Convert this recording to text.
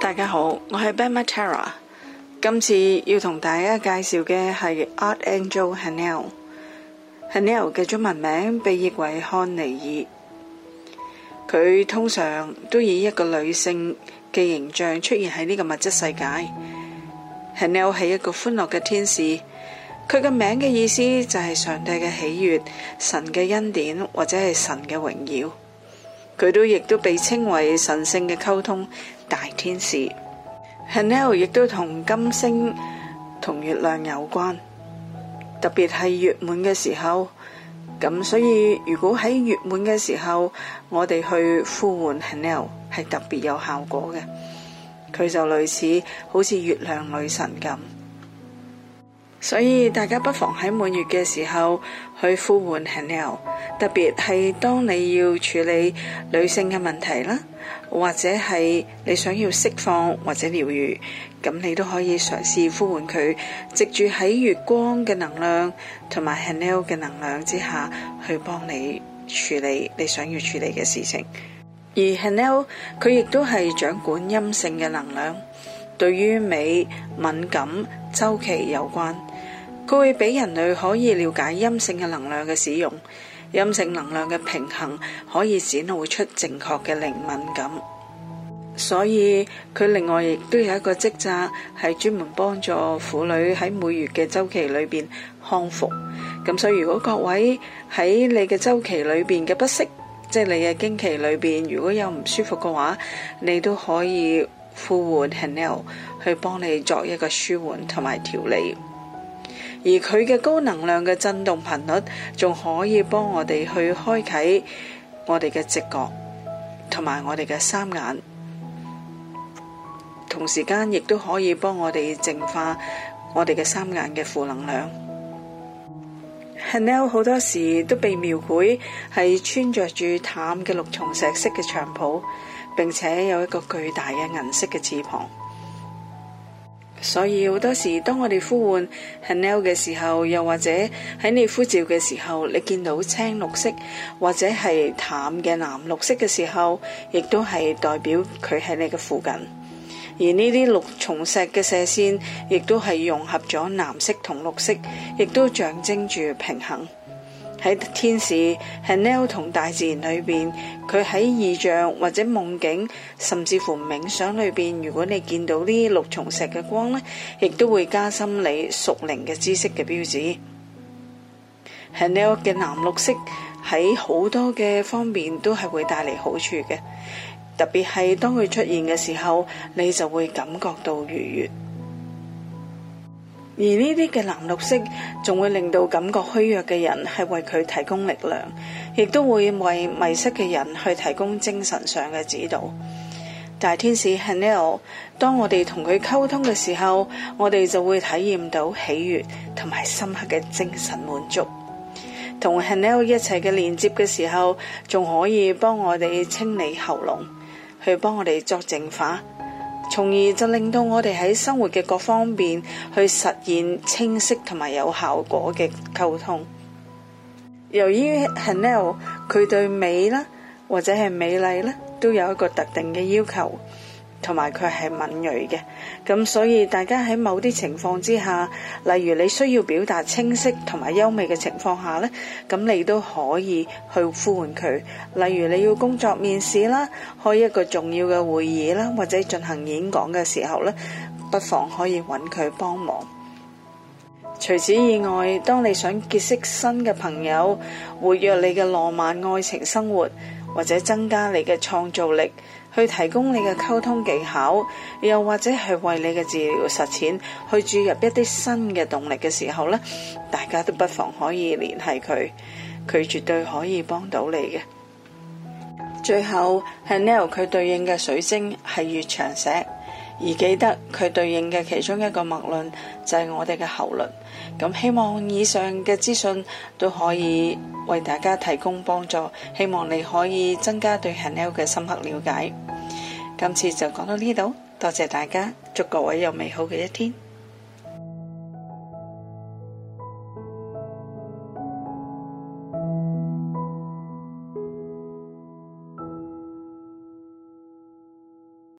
大家好，我係 Padma Tara。今次要同大家介紹嘅係 Archangel Haniel。Haniel 嘅中文名被譯為漢尼爾。佢通常都以一個女性嘅形象出現喺呢個物質世界。Haniel 係一個歡樂嘅天使，佢嘅名嘅意思就係上帝嘅喜悅、神嘅恩典或者係神嘅榮耀。佢都亦都被稱為神聖嘅溝通。大天使 Haniel 亦都同金星同月亮有關，特別係月滿嘅時候。咁所以如果喺月滿嘅時候，我哋去呼喚 Haniel 係特別有效果嘅。佢就類似好似月亮女神咁。所以大家不妨喺滿月嘅時候去呼喚 Haniel，特別係當你要處理女性嘅問題啦，或者係你想要釋放或者療癒，咁你都可以嘗試呼喚佢，藉住喺月光嘅能量同埋 Haniel 嘅能量之下去幫你處理你想要處理嘅事情。而 Haniel，佢亦都係掌管陰性嘅能量，對於美敏感。周期有關，佢會俾人類可以了解陰性嘅能量嘅使用，陰性能量嘅平衡可以展露出正確嘅靈敏感。所以佢另外亦都有一個職責，係專門幫助婦女喺每月嘅周期裏邊康復。咁所以如果各位喺你嘅周期裏邊嘅不適，即係你嘅經期裏邊如果有唔舒服嘅話，你都可以。呼喚 Haniel 去幫你作一個舒緩同埋調理，而佢嘅高能量嘅震動頻率，仲可以幫我哋去開啟我哋嘅直覺，同埋我哋嘅三眼，同時間亦都可以幫我哋淨化我哋嘅三眼嘅負能量。Haniel 好多時都被描繪係穿着住淡嘅綠松石色嘅長袍。並且有一個巨大嘅銀色嘅翅膀，所以好多時當我哋呼喚 Haniel 嘅時候，又或者喺你呼召嘅時候，你見到青綠色或者係淡嘅藍綠色嘅時候，亦都係代表佢喺你嘅附近。而呢啲綠松石嘅射線，亦都係融合咗藍色同綠色，亦都象徵住平衡。喺天使、Haniel 同大自然裏邊，佢喺意象或者夢境，甚至乎冥想裏邊，如果你見到呢綠松石嘅光呢，亦都會加深你屬靈嘅知識嘅標誌。Haniel 嘅藍綠色喺好多嘅方面都係會帶嚟好處嘅，特別係當佢出現嘅時候，你就會感覺到愉悦。而呢啲嘅藍綠色，仲會令到感覺虛弱嘅人係為佢提供力量，亦都會為迷失嘅人去提供精神上嘅指導。大天使 Haniel，當我哋同佢溝通嘅時候，我哋就會體驗到喜悅同埋深刻嘅精神滿足。同 Haniel 一齊嘅連接嘅時候，仲可以幫我哋清理喉嚨，去幫我哋作淨化。從而就令到我哋喺生活嘅各方面去實現清晰同埋有效果嘅溝通。由於漢尼爾，佢對美啦或者係美麗咧，都有一個特定嘅要求。同埋佢係敏銳嘅，咁所以大家喺某啲情況之下，例如你需要表達清晰同埋優美嘅情況下呢，咁你都可以去呼喚佢。例如你要工作面試啦，開一個重要嘅會議啦，或者進行演講嘅時候呢，不妨可以揾佢幫忙。除此以外，當你想結識新嘅朋友，活躍你嘅浪漫愛情生活，或者增加你嘅創造力，去提供你嘅溝通技巧，又或者係為你嘅治療實踐去注入一啲新嘅動力嘅時候咧，大家都不妨可以聯繫佢，佢絕對可以幫到你嘅。最後係 Haniel，佢對應嘅水晶係月長石。而記得佢對應嘅其中一個脈輪就係我哋嘅喉輪，咁希望以上嘅資訊都可以為大家提供幫助，希望你可以增加對 Haniel 嘅深刻了解。今次就講到呢度，多謝大家，祝各位有美好嘅一天。